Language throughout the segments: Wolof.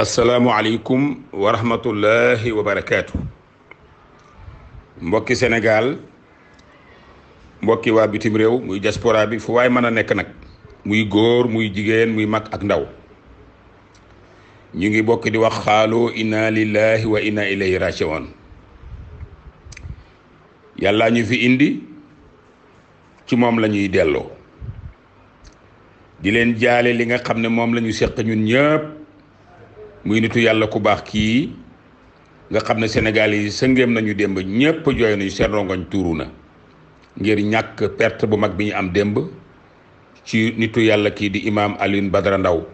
asalaamualeykum wa rahmatullahi wa barakaatu mbokki Sénégal mbokki waa bitim réew muy diaspora bi fu waay mën a nekk nag muy góor muy jigéen muy mag ak ndaw ñu ngi bokk di wax xaaloo inna lillahi wa inna ilayhi rajiun yàllaa ñu fi indi ci moom lañuy ñuy delloo di leen jaale li nga xam ne moom la ñu seq ñun ñëpp muy nitu yàlla ku baax kii nga xam ne Sénégal yi sëngéem nañu démb ñépp jooy nañu seen rongoñ tuuru na ngir ñàkk perte bu mag bi ñu am démb ci nitu yàlla kii di imaam Alioune Badara Ndaw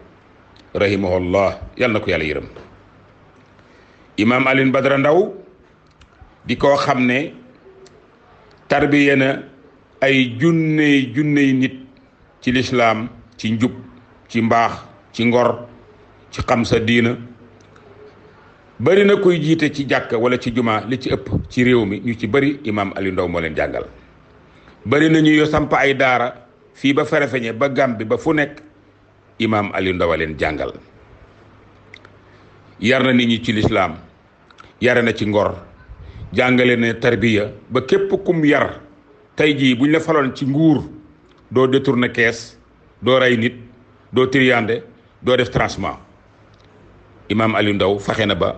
rahimahullah yal na ko yàlla yërëm imaam Alioune Badara Ndaw di ko xam ne tarbiye na ay junney junney nit ci lislaam ci njub ci mbaax ci ngor ci xam sa diina bari na koy jiite ci jàkk wala ci jumaa li ci ëpp ci réew mi ñu ci bari imaam Ali Ndaw moo leen jàngal bari na ñu samp ay daara fii ba Farafeñe ba Gàmbi ba fu nekk imaam Ali Ndaw a leen jàngal yar na nit ñi ci lislaam yare na ci ngor jàngale na tarbiya ba képp kum yar tey jii buñ la faloon ci nguur doo na kees doo rey nit doo triyande doo def transement imaam Aliou Ndao fexe na ba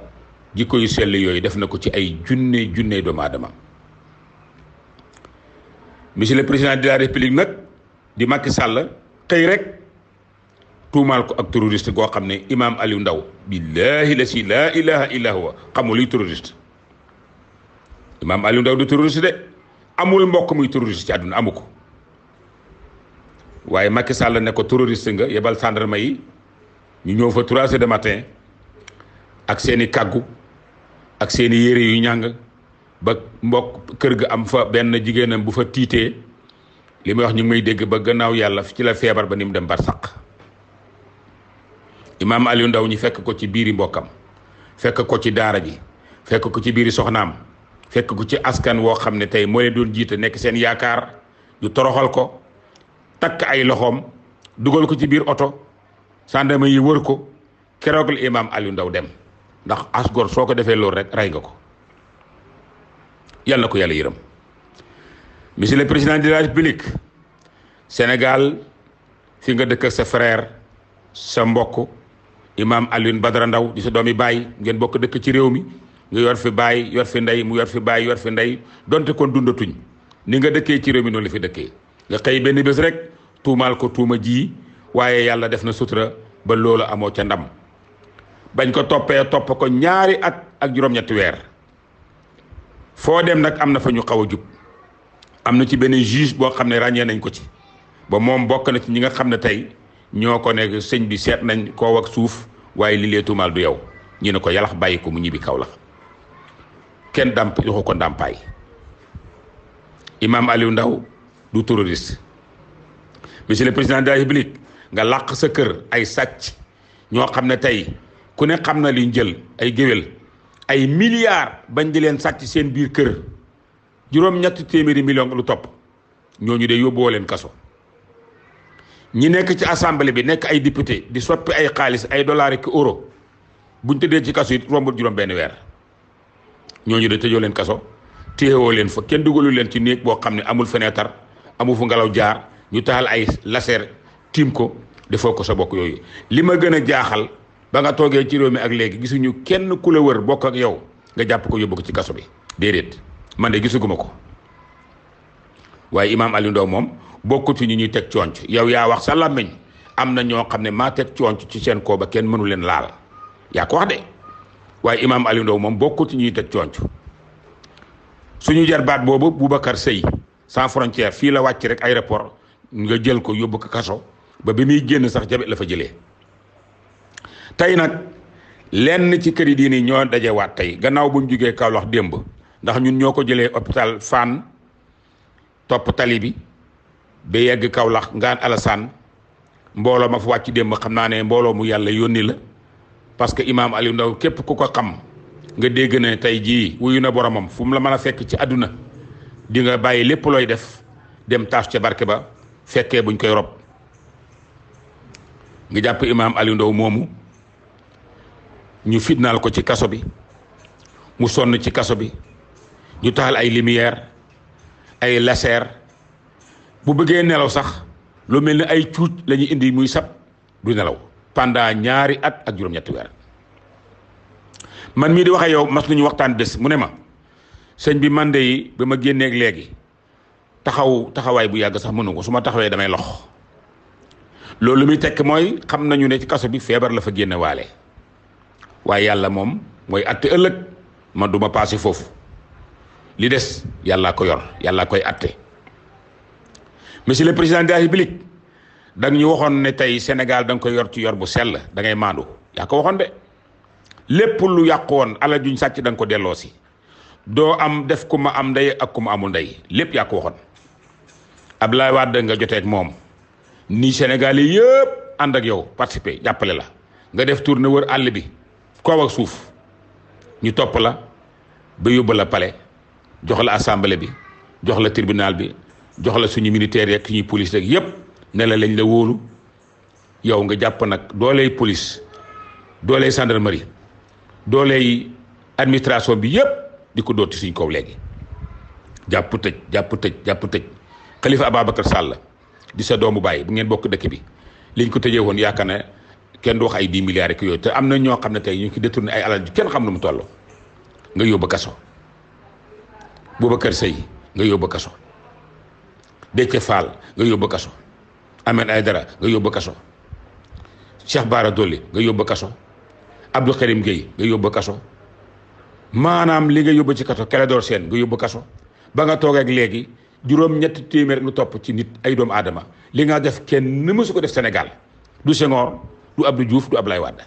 jikko yu sell yooyu def na ko ci ay junne junne doomu aadama monsieur le président de la république nag di Macky sàll xëy rek tuumaal ko ak terroriste goo xam ne imaam Aliou Ndao billaahi la si laa ilaha illa huwa xamul luy terroriste imaam Aliou Ndao du terroriste de amul mbokk muy terroriste ci àdduna amu ko waaye Macky Sall ne ko terroriste nga yebal gendarme yi ñu ñëw fa trois heures de matin ak seeni kàggu ak seeni yére yu ñàng ba mbokk kër ga am fa benn jigéenam bu fa tiitee li may wax ñu ngi may dégg ba gannaaw yàlla ci la feebar ba ni mu dem barsàq imaam Aliou Ndaw ñi fekk ko ci biir biiri mbokkam fekk ko ci daara ji fekk ko ci biiri soxnaam fekk ko ci askan woo xam ne tey moo leen doon jiite nekk seen yaakaar ñu toroxal ko takk ay loxoom dugal ko ci biir oto sàndama yi wër ko keroog la imaam Aliou Ndaw dem ndax asgor soo ko defee loolu rek ray nga ko yàlla na ko yàlla yërëm monsieur le président de la république Sénégal fi nga dëkk sa frère sa mbokk imam Alioune Badara Ndaw di sa doomi baay ngeen bokk dëkk ci réew mi nga yor fi baay yor fi ndey mu yor fi baay yor fi ndey donte kon dundatuñ ni nga dëkkee ci réew mi noonu la fi dëkkee nga xëy benn bés rek tuumaal ko tuuma ji waaye yàlla def na sutura ba loolu amoo ca ndam bañ ko toppee topp ko ñaari at ak juróom-ñetti weer foo dem nag am na fa ñu xaw a jub am na ci benn juge boo xam ne ràññee nañ ko ci ba moom bokk na ci ñi nga xam ne tey ñoo ko ne sëñ bi seet nañ koo ak suuf waaye li lee tuumaal du yow ñu ne ko yalax bàyyi ko mu ñibbi kaw la kenn dàmp joxu ko ndàmpaay Imam Aliou Ndao du terroriste monsieur le président de république nga làq sa kër ay sàcc ñoo xam ne tey ku ne xam na liñ jël ay géwél ay milliards bañ di leen sàcc seen biir kër juróom ñetti téeméeri million lu topp ñooñu de yóbbuwoo leen kaso ñi nekk ci assemblée bi nekk ay député di soppi ay xaalis ay dollars ak euro buñ tëddee ci kaso it rombul juróom benn weer ñooñu de tëjoo leen kaso téyewoo leen fa kenn dugalu leen ci néeg boo xam ne amul fenêtre amul fu ngelaw jaar ñu taxal ay laser tiim ko defoo ko sa bokk yooyu li ma gën a jaaxal ba nga toogee ci réew mi ak léegi gisuñu kenn ku la wër bokk ak yow nga jàpp ko yóbbu ko ci kaso bi déedéet man de gisuguma ko waaye imaam Aliou Ndao moom bokkut ci ñu ñuy teg coonc yow yaa wax sa làmmiñ am na ñoo xam ne maa teg coonc ci seen koo ba kenn mënu leen laal yaa ko waaye imaam Aliou moom bokkut ñuy teg coonc suñu jarbaat boobu Boubacar Seye sans frontière fii la wàcc rek aéroport nga jël ko yóbbu ko kaso ba bi muy génn sax jabet la fa jëlee tey nag lenn ci këri diine ñoo dajewaat tey gannaaw buñ jógee jugee Kaolack démb ndax ñun ñoo ko jëlee hôpital Fann topp tali bi ba yegg Kaolack ngaan Alassane mbooloo ma fa wàcc démb xam naa ne mbooloo mu yàlla yónni la parce que imaam Aliou Ndao képp ku ko xam nga dégg tey jii wuyu na boromam fu mu la mën a fekk ci àdduna dinga bàyyi lépp looy def dem taaf ca barke ba fekkee buñ koy rob ngi jàpp imaam Aliou moomu ñu fitnaal ko ci kaso bi mu sonn ci kaso bi ñu taxal ay lumière ay laser bu bëggee nelaw sax lu mel ni ay cuuc la indi muy sab du nelaw pendant ñaari at ak juróom-ñetti man mii di wax yow mas nañu waxtaan des mu ne ma sëñ bi man de yi ba ma génneek léegi taxaw taxawaay bu yàgg sax mënu ko su ma taxawee damay lox loolu muy tekk mooy xam nañu ne ci kaso bi feebar la fa génne waaye yàlla moom mooy atte ëllëg ma du ma paase foofu li des yàllaa ko yor yàllaa koy atte monsieur le président de la république da waxoon ne tey Sénégal da nga koy yor ci yor bu sell da ngay maandu yaa waxoon de lépp lu yàqu woon alal juñ sàcc da nga ko delloo si doo am def ku ma am ndey ak ku ma amul ndey lépp yaa ko waxoon Abdoulaye Wade nga joteeg moom nii Sénégal yi yëpp ànd ak yow participer jàppale la nga def ne wër àll bi kaw ak suuf ñu topp la ba yóbbu pale jox la assemblée bi jox la tribunal bi jox la suñu militaire yeeg suñuy police rek yépp ne lañ la wóolu yow nga jàpp nag dooley police dooley gendarmerie dooley administration bi yépp di ko dooti suñ kaw léegi jàpp tëj jàpp tëj jàpp tëj Khalifa Ababacar Sall di sa doomu baay bu ngeen bokk dëkk bi liñ ko tëjee woon yaakaar kenn du wax ay 10 milliards ak yooyu te am na ñoo xam ne tey ñu ngi détourné ay alal ju kenn xam nu mu toll nga yóbbu kaso Boubacar Seye nga yóbbu kaso Déthié Fall nga yóbbu kaso Ahmed Aïdara nga yóbbu kaso Cheikh Bara Dolly nga yóbbu kaso Abdou Karim Gueye nga yóbbu kaso maanaam li nga yóbbu ci kaso Clédor seen nga yóbbu kaso ba nga toog ak léegi juróom ñetti téeméer lu topp ci nit ay doomu aadama li nga def kenn mësu ko def Sénégal du Senghor du Abdou Diouf du Abdoulaye Wade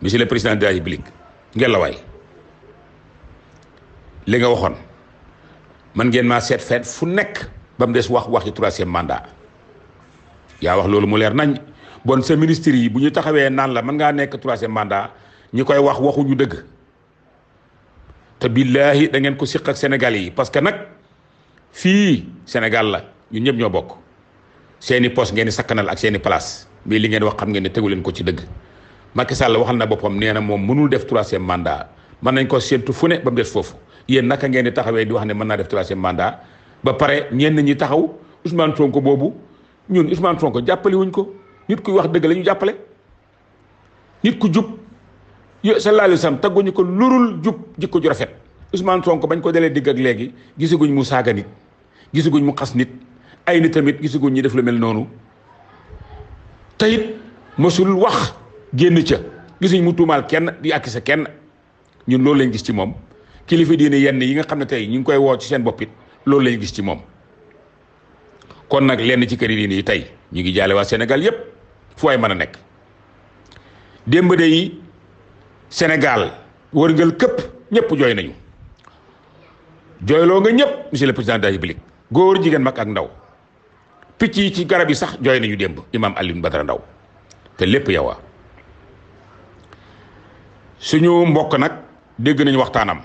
monsieur le président de république ngelawaay li nga waxoon man ngeen maa seet feet fu nekk ba mu des wax wax ci troisième mandat yaa wax loolu mu leer nañ bon sa ministre yi bu ñu taxawee naan la man ngaa nekk troisième mandat ñi koy wax waxuñu dëgg te billaahi da ngeen ko siq ak Sénégal yi parce que nag fii Sénégal la ñun ñëpp ñoo bokk seeni poste ngeen di sakkanal ak seeni place mais li ngeen wax xam ngeen ne tegu leen ko ci dëgg Macky Sall waxal na boppam nee na moom mënul def troisième mandat mën nañ koo séentu fu ne ba mu des foofu yéen naka ngeen di taxawee di wax ne mën naa def troisième mandat ba pare ñenn ñi taxaw Ousmane Sonko boobu ñun Ousmane Sonko jàppale ko nit kuy wax dëgg la ñu jàppale nit ku jub yo sallallahu alayhi tagguñu ko lurul jub jikko ju rafet Ousmane Sonko bañ ko dalee digg ak léegi gisaguñ mu saaga nit mu xas nit ay ni tamit gisaguñ ñi def lu mel noonu te it mosul wax génn ca gisuñ mu tuumaal kenn di sa kenn ñun loolu lañ gis ci moom kilifa diine yenn yi nga xam ne tey ñu ngi koy woo ci seen boppit loolu lañ gis ci moom. kon nag lenn ci kër yi diine yi tey ñu ngi jaale waa Sénégal yépp fu waay mën a nekk démb de yi Sénégal wërngal këpp ñëpp jooy nañu jooyloo nga ñëpp monsieur le président de la République góor jigéen mag ak ndaw. picc yi ci garab yi sax jooy nañu démb imaam Alioune Badara Ndaw te lépp yow a suñu mbokk nag dégg nañu waxtaanam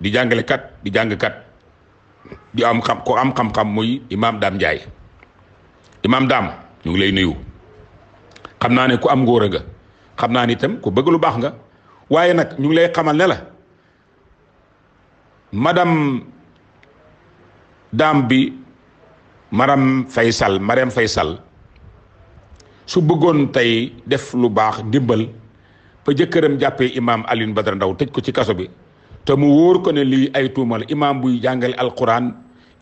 di jàngalekat di jàngkat di am xam ko am xam-xam muy imaam daam Ndiaye imaam Dame ñu ngi lay nuyu xam naa ne ku am ngóor a nga xam naa ni itam ku bëgg lu baax nga waaye nag ñu ngi lay xamal ne la madame Dame bi. Maram Faye Sall Marème Faye Sall su bëggoon tey def lu baax ndimbal ba jëkkëram jàppee imaam Alioune Badara ndaw tëj ko ci kaso bi te mu wóor ko ne lii ay tuumal imaam buy jàngale alquran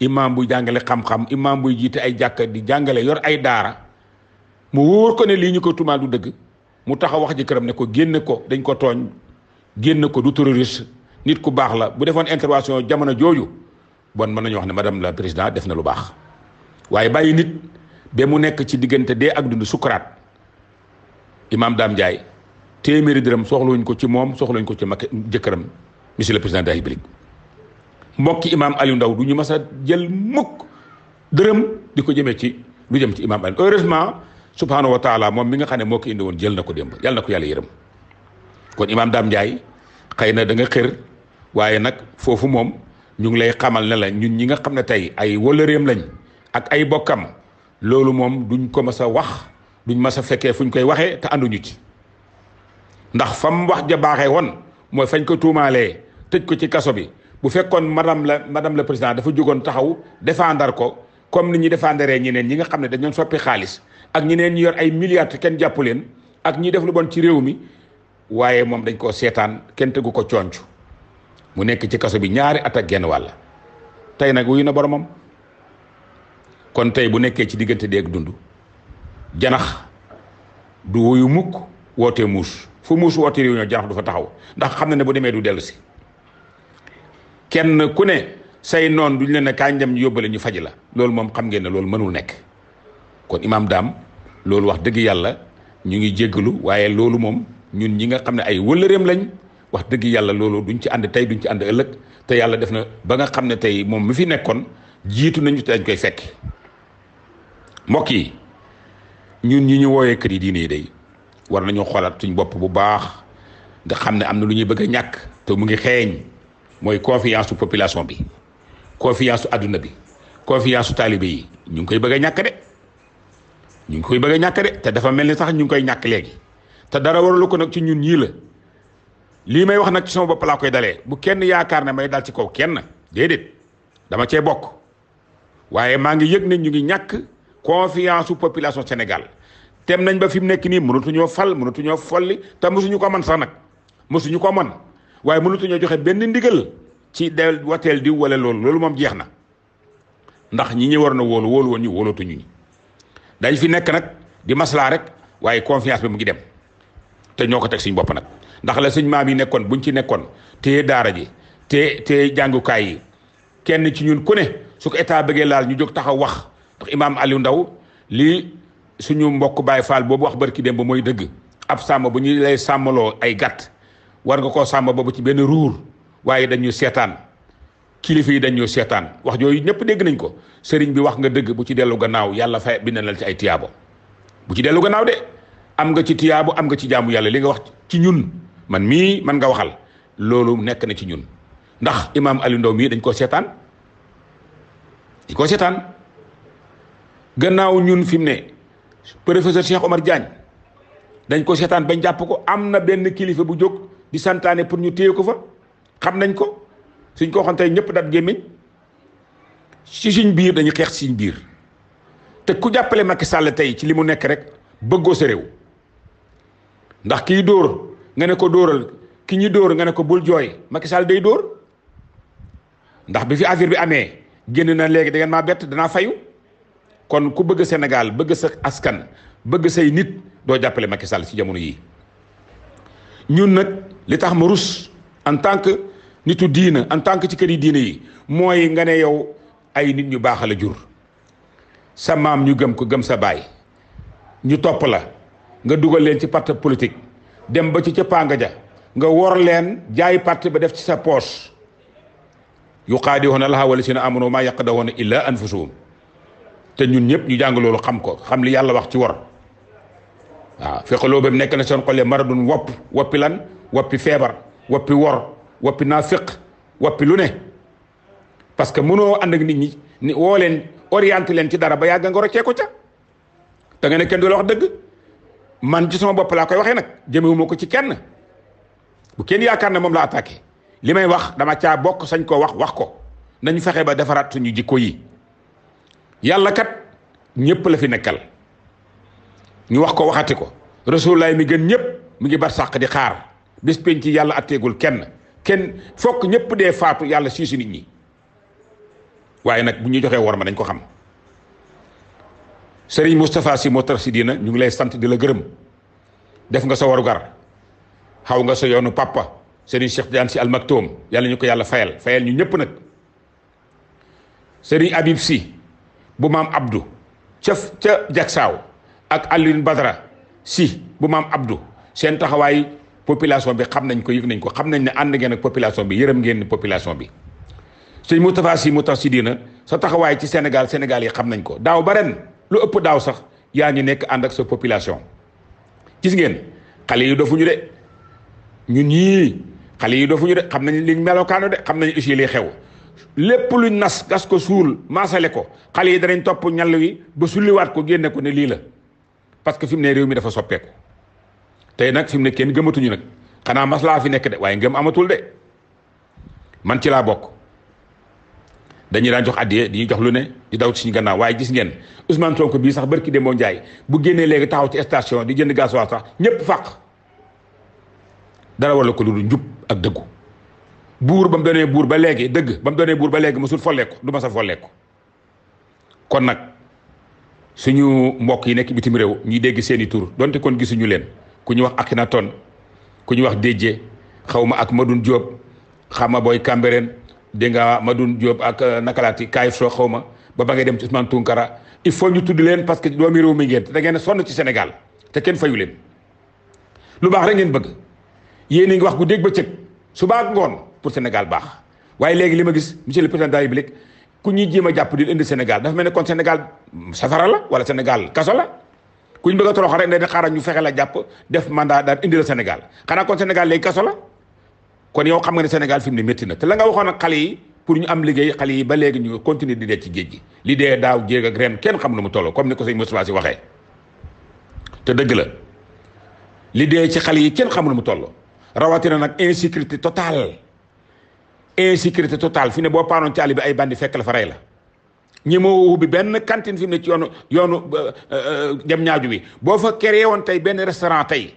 imaam buy jàngale xam-xam imaam buy jiite ay jàkka di jàngale yor ay daara mu wóor ko ne lii ñu ko tuumaal du dëgg mu taxaw wax jëkkëram ne ko génn ko dañ ko tooñ génn ko du terroriste nit ku baax la bu defoon intervention jamono jooju bon mën ñu wax ne madame la présidente def na lu baax. waaye bàyyi nit be mu nekk ci diggante dee ak dund sukuraat imaam daam njaay téeméeri dërëm soxlawuñ ko ci moom soxlawuñ ko ci mag jëkkëram monsieur le président de la République mbokki imaam Aliou Ndao du ñu mas jël mukk dërëm di ko jëmee ci lu jëm ci imaam Aliou heureusement subhanahu moom mi nga xam ne moo ko indi woon jël na ko démb yàlla na ko yàlla yërëm kon imaam Dame Ndiaye xëy na danga xër waaye nag foofu moom ñu ngi lay xamal ne la ñun ñi nga xam ne tey ay wëllëreem lañ. ak ay bokkam loolu moom duñ ko mas a wax duñ mas a fekkee fuñ koy waxee te ànduñu ci ndax fam wax ja baaxee woon mooy fañ ko tuumaale tëj ko ci kaso bi bu fekkoon madame la madame la président dafa jógoon taxaw défendre ko comme ni ñuy défendre ñeneen ñi nga xam ne dañoon soppi xaalis ak ñeneen ñu yor ay milliards te kenn jàpp leen ak ñi def lu bon ci réew mi waaye moom dañ koo seetaan kenn tegu ko conc mu nekk ci kaso bi ñaari at ak genn wàll tey nag wuyu na boromam. kon tey bu nekkee ci diggante dee ak dund janax du wuyu mukk wootee muus fu muus wootee réunion janax du fa taxaw ndax xam na ne bu demee du dellu si kenn ku ne say noon duñ leen ne kañ yóbbale ñu faj la loolu moom xam ngeen ne loolu mënul nekk kon imaam daam loolu wax dëgg yàlla ñu ngi jéggalu waaye loolu moom ñun ñi nga xam ne ay wëllëreem lañ wax dëgg yàlla loolu duñ ci ànd tey duñ ci ànd ëllëg te yàlla def na ba nga xam ne tey moom mu fi nekkoon jiitu nañu te dañ koy fekk mbokk yi ñun ñi ñu wooyee kër yi diine yi day war nañu xoolaat suñ bopp bu baax nga xam ne am na lu ñuy bëgg a ñàkk te mu ngi xeeñ mooy confiance su population bi confiance su adduna bi confiance su taalibe yi ñu ngi koy bëgg a ñàkk de ñu ngi koy bëgg a ñàkk de te dafa mel ni sax ñu ngi koy ñàkk léegi te dara waralu ko nag ci ñun ñii la lii may wax nag ci sama laa koy dalee bu kenn yaakaar ne may dal ci kaw kenn déedéet dama cee bokk waaye maa ñu ngi ñàkk. confiance su population Sénégal tem nañ ba fi mu nekk nii mënatuñoo fal mënatuñoo folli te mosuñu ko man sax nag mosuñu ko man waaye mënatuñoo joxe benn ndigal ci del wateel diw wala loolu loolu moom jeex na ndax ñi ñi war na wóolu wóolu woon ñu wóolootuñu ñi dañ fi nekk nag di maslaa rek waaye confiance bi mu ngi dem te ñoo ko teg suñu bopp nag ndax la suñ maam yi nekkoon bu ñu ci nekkoon te daara ji te te jàngukaay yi kenn ci ñun ku ne su ko état bëggee laal ñu jóg taxaw wax ndax imaam Aliou Ndaw lii suñu mbokk Baay Faal boobu wax barki dem ba mooy dëgg ab sàmm bu ñu sàmmaloo ay gàtt war nga koo sàmm boobu ci benn ruur waaye dañu seetaan kilifa yi dañu seetaan wax yooyu ñëpp dégg nañ ko sëriñ bi wax nga dëgg bu ci dellu gannaaw yàlla fa bind na la ci ay tiyaabo bu ci dellu gannaaw de am nga ci tiyaabo am nga ci jaamu yàlla li nga wax ci ñun man mii man nga waxal loolu nekk na ci ñun ndax imaam Aliou Ndao mii dañ koo seetaan dañ koo seetaan gannaaw ñun fi ne professeur Cheikh Omar Diagne dañ ko seetaan bañ jàpp ko am na benn kilifa bu jóg di santaane pour ñu téye ko fa xam nañ ko suñ ko waxoon tey ñëpp dat gémmiñ ci suñ biir dañu xeex ci biir te ku jàppale Macky sàll tey ci li mu nekk rek bëggoo sa réew ndax kii dóor nga ne ko dóoral ki ñi dóor nga ne ko bul jooy Macky sàll day dóor ndax bi fi affaire bi amee génn na léegi da ngeen maa bett danaa fayu kon ku bëgg senegal bëgg sa askan bëgg say nit doo jàppale Macky Sall ci jamono yii ñun nag li tax ma rus en tant que nitu diina en tant que ci kër yi diina yi mooy nga ne yow ay nit ñu baaxal a jur sa maam ñu gëm ko gëm sa baay ñu topp la nga dugal leen ci parti politique dem ba ci ca pànk ja nga wor leen jaay parti ba def ci sa poche yuqaadihuuna llaaha wallaziina aamanuu maa yaqda'uuna illaa anfusahum te ñun ñëpp ñu jàng loolu xam ko xam li yàlla wax ci war waaw fexeloo ba mu nekk na soon xol yi maradun wopp woppi lan woppi feebar woppi wor woppi naafiq woppi lu ne parce que mënoo ànd ak nit ñi ni woo leen orienté leen ci dara ba yàgg nga roccee ko ca da ngeen ne kenn du la wax dëgg man ci sama bopp laa koy waxee nag jëmewuma ko ci kenn bu kenn yaakaar ne moom la attaqué li may wax dama caa bokk sañ koo wax wax ko nañu fexe ba defaraat suñu jikko yi yàlla kat ñëpp la fi nekkal ñu wax ko waxati ko rasulullaay mi gën ñëpp mu ngi bar sàq di xaar bés penc ci yàlla atteegul kenn kenn fokk ñëpp dee faatu yàlla siisu nit ñi waaye nag bu ñu joxee war ma dañ ko xam Serigne Moustapha Sy Moustarchidina ñu ngi lay sant di la gërëm def nga sa warugar xaw nga sa yoonu pàppa Serigne Cheikh Tidiane Sy Al Maktoum yàlla ñu ko yàlla fayal fayal ñu ñëpp nag Serigne Habib si bu maam Abdou ca ca Jaksaaw ak àll Alioune Badara si bu maam Abdou seen taxawaay population bi xam nañ ko yëg nañ ko xam nañ ne ànd ngeen population bi yërëm ngeen population bi sëñ Moustapha Sy mu tax si diina sa taxawaay ci Sénégal Sénégal yi xam nañ ko daaw ba ren lu ëpp daaw sax yaa ngi nekk ànd ak sa population gis ngeen xale yi ñu de ñun ñii xale yi dofuñu de xam nañ liñ melokaanu de xam nañ aussi li xew lépp lu luñ nas gas ko suul maasale ko xale yi danañ topp ñal wi ba sulliwaat ko génne ko ne lii la parce que fi mu ne réew mi dafa soppeeku te nag fi mu ne kenn gëmatuñu nag xanaa maslaa fi nekk de waaye ngëm amatul de man ci laa bokk dañuy daan jox addiye di jox lu ne di daw ci suñu gannaaw waaye gis ngeen Ousmane Sonko bii sax barki demoo Ndiaye bu génnee léegi taxaw ci station di jënd waa sax ñëpp fàq dara wala ko lu dul njub ak dëggu. buur ba mu doonee buur ba léegi dëgg ba mu doonee buur ba léegi mosul folleeku du ma sa folleeku kon nag suñu mbokk yi nekk bitim réew ñuy dégg seeni tur donte kon gisuñu leen ku ñu wax ton ku ñu wax Dédje xaw ma ak madun Diop xama booy Cambérène dégg nga Madoune Diop ak euh, nakalaati Kayif soo xaw ma ba ba ngee dem ci Ousmane Tounkara il faut ñu tudd leen parce que doomi réew mi ngeen te da ngeen sonn ci Sénégal te kenn fayu leen lu baax rek ngeen bëgg yéen a wax bu dégg ba su baa ngoon pour Sénégal baax waaye léegi li ma gis monsieur le président de la République ku ñu jéem a jàpp di indi Sénégal dafa mel ne kon Sénégal safara la wala Sénégal kaso la ku ñu bëgg a rek ne xaaral ñu fexe la jàpp def mandat daal indi la Sénégal xanaa kon Sénégal léegi kaso la kon yow xam nga ne Sénégal fi mu ne na te la nga waxoon nag xale yi pour ñu am liggéey xale yi ba léegi ñu continuer di dee ci géej gi li dee daaw jéeg ak ren kenn xam na mu toll ko sëñ Moustapha Sy waxee te dëgg la dee ci xale yi kenn xam na mu toll rawatina nag insécurité totale insécurité totale fi ne boo paanoon ci bi ay bandi fekk la fa rey la ñi moo ubbi benn cantine fi mu ne ci yoonu yoonu euh, euh, dem ñaaju wi boo fa créé woon tey benn restaurant tey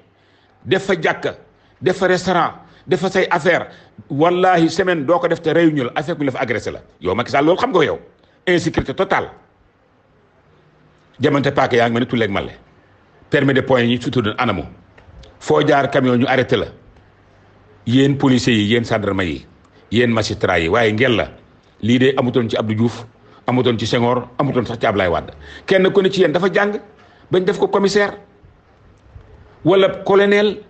def fa jàkk def fa restaurant def fa say affaire wallahi semaine doo ko def te réunion la affaire bu la fa agressé la yow Macky Sall loolu xam nga ko yow insécurité totale jamante paaka yaa ngi mel ne tulleeg male permis de point yi ñu sutudoon anamu foo jaar camion ñu arrêté la yéen policiers yéen gendarme yi yéen magistrat yi waaye ngel la lii de amutoon ci ab du juuf amutoon ci Senghor amutoon sax ci Ablaye Wade kenn ku ne ci yenn dafa jàng bañ def ko commissaire wala colonel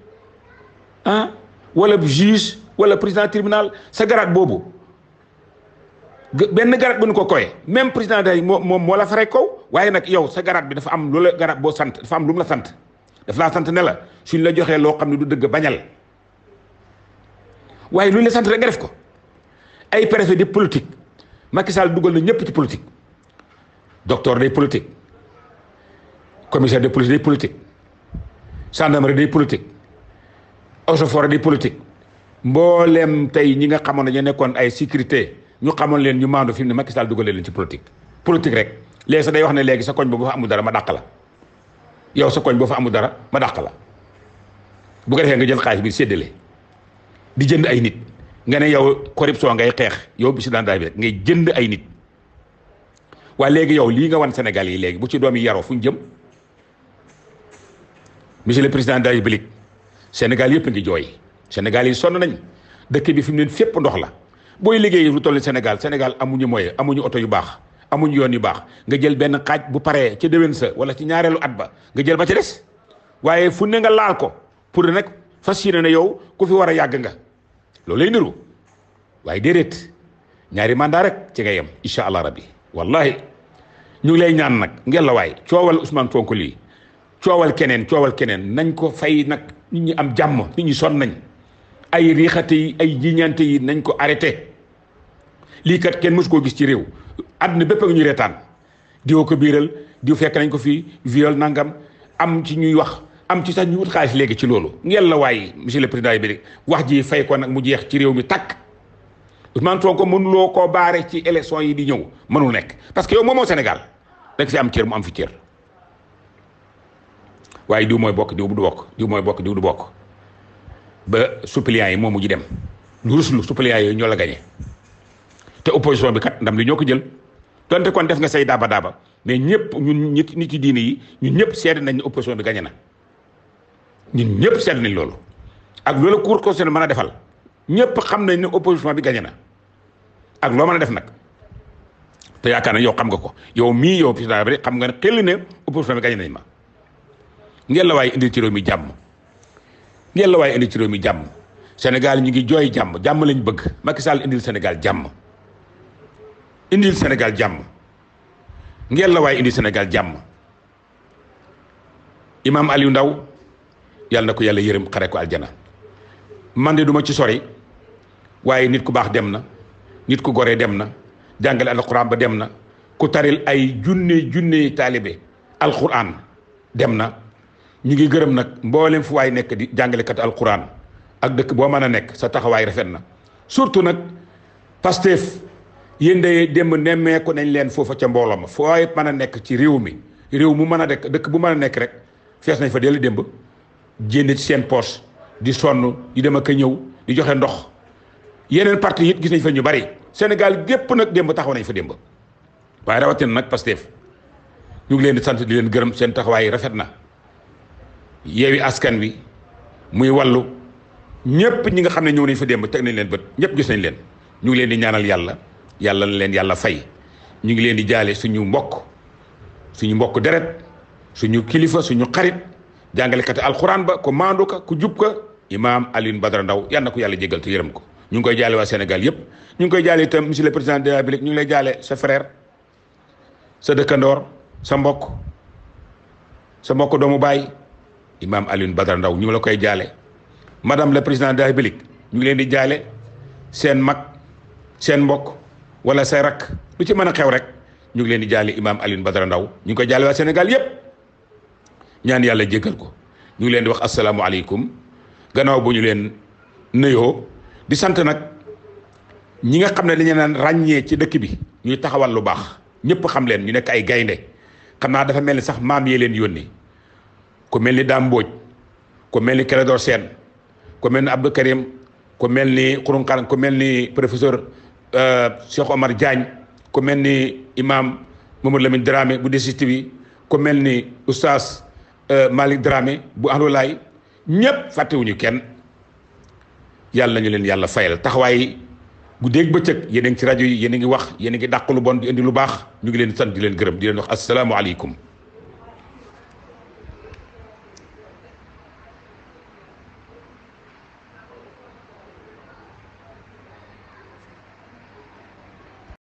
ah bu juge wala président tribunal sa garaat boobu benn garaat bu nu ko koy même président day moo moom moo la fa rek waaye nag yow sa garaat bi dafa am loola garaat boo sant dafa am lu la sant daf laa sant ne la suñ la joxee loo xam ne du dëgg bañal waaye lu ñu la sant rek nga def ko ay préfet di politique Macky Sall dugal na ñëpp ci politique docteur day politique commissaire de police day politique gendarmerie day politique eaux et forêts day politique mbooleem tey ñi nga xamoon ne ñu nekkoon ay sécurité ñu xamoon leen ñu maandu fi mu ne Macky Sall dugalee leen ci politique. politique rek léegi sax day wax ne léegi sa koñ boobu fa amul dara ma dàq la yow sa koñ boo fa amul dara ma dàq la bu ko defee nga jël xaalis bi séddale di jënd ay nit. nga ne yow corruption ngay xeex yow président de la ngay jënd ay nit waa léegi yow lii nga wan Sénégal yi léegi bu ci doom yi yaroo fu ñu jëm monsieur le président de la République Sénégal yëpp ngi jooy Sénégal yi sonn nañ dëkk bi fi mu neen fépp ndox la booy liggéey lu toll Sénégal Sénégal amuñu mooy amuñu oto yu baax amuñu yoon yu baax nga jël benn xaaj bu paree ci déwén sa wala ci ñaareelu at ba nga jël ba ci des waaye fu ne nga laal ko pour nag fas yéene ne yow ku fi war a yàgg nga loolu lay niru waaye déedéet ñaari mandat rek ci ngay incha allah rabbi wallahi ñu ngi lay ñaan nag ngelawaay coowal Ousmane Sonko lii coowal keneen coowal keneen nañ ko fay nag nit ñi am jàmm nit ñi son nañ ay riixate yi ay jiñante yi nañ ko arrêté lii kat kenn mësu koo gis ci réew àdduna bépp ak ñu reetaan diwo ko biiral diw fekk nañ ko fi viol nangam am ci ñuy wax am ci sax ñu wut xaalis léegi ci loolu ngeen la waaye monsieur le président bi wax ji fay ko nag mu jeex ci réew mi tàkk Ousmane ko mënuloo koo baare ci élection yi di ñëw mënul nekk parce que yow moomoo Sénégal rek si am cër mu am fi cër waaye diw mooy bokk diw du bokk diw mooy bokk diw du bokk ba suppléants yi moomu ji dem lu ruslu suppléants yooyu ñoo la gañe te opposition bi kat ndam li ñoo ko jël donte kon def nga say daaba daaba mais ñëpp ñun nit nit ci diine yi ñun ñëpp seede nañ ne opposition gañe na ñun ñëpp seet nañ loolu ak loolu cour a defal ñëpp xam nañ ne opposition bi gagné na ak loo mën a def nag te yaakaar na yow xam nga ko yow mii yow président bi xam nga ne xel ne opposition bi gagné nañ ma ngeen la waaye indi ci mi jàmm ngeen la waaye indi ci mi jàmm Sénégal ñu ngi jooy jàmm jàmm lañ bëgg Macky Sall indil Sénégal jàmm indil Sénégal jàmm ngeen la waaye indil Sénégal jàmm Imam Aliou ndaw yàlla na ko yàlla yërëm xare ko aljana man de duma ci sori waaye nit ku baax dem na nit ku gore dem na jàngale alquran ba dem na ku taril ay junne junne taalibe alquran dem na ñu ngi gërëm nag mboolem fu waay nekk di jàngalekat alquran ak dëkk boo mën a nekk sa taxawaay rafet na surtout nag Pastef yéen de dem nemmeeku nañ leen foofa ca mbooloo ma fu waay mën a nekk ci réew mi réew mu mën a dekk dëkk bu mën a nekk rek fees nañ fa dellu démb jénne ci seen poche di sonn di dem ak ñëw di joxe ndox yeneen parti it gis nañ fa ñu bari senegal gépp nag démb taxaw nañ fa démb waaye rawatina nag Pastef ñu ngi leen di sant di leen gërëm seen taxawaayu rafet na yeewi askan wi muy wàllu ñëpp ñi nga xam ne ñëw nañ fa démb teg nañ leen bët ñëpp gis nañ leen ñu ngi leen di ñaanal yàlla yàlla na leen yàlla fay ñu ngi leen di jaale suñu mbokk suñu mbokk deret suñu kilifa suñu xarit jàngalekati alxuraan ba ko maandu ka ku jub ka imaam Alioune Badara Ndao yal na ko yàlla jégal te ko ñu ngi koy jaale waa yëpp ñu ngi koy jaale itam monsieur le président de la jaale sa frère sa mbokk sa mbokk doomu baay imaam Alioune Badara Ndao ñu la koy jaale madame le président de la République ñu ngi leen di jaale seen mag seen mbokk wala say rakk lu ci mën a xew rek ñu ngi leen di jaale imaam Alioune Badara Ndao ñu ngi koy jaale waa Sénégal yëpp ñaan yàlla jéggal ko ñu leen di wax asalaamualeykum gannaaw boo ñu leen nuyoo di sant nag ñi nga xam ne dañu naan ràññee ci dëkk bi ñuy taxawal lu baax ñëpp xam leen ñu nekk ay gaynde xam naa dafa mel ni sax maam yee leen yoon yónni ku mel ni daam mbóoj ku mel ni Clédor seen ku mel ni Abdou Karim ku mel ni Xurunqaan ko mel ni professeur euh, Cheikh Omar Diagne ko mel ni imam Mamadou Lamine Dramé bu desiti ko mel ni oustaz Euh, Malick Dramé bu Ahlulaay ñépp fàttewuñu kenn yàlla nañu leen yàlla fayal taxawaay bu dégg bëccëg yéen a ngi ci rajo yi yéen a ngi wax yéen a ngi dàq lu bon di indi lu baax ñu ngi leen sant di leen gërëm di leen wax asalaamualeykum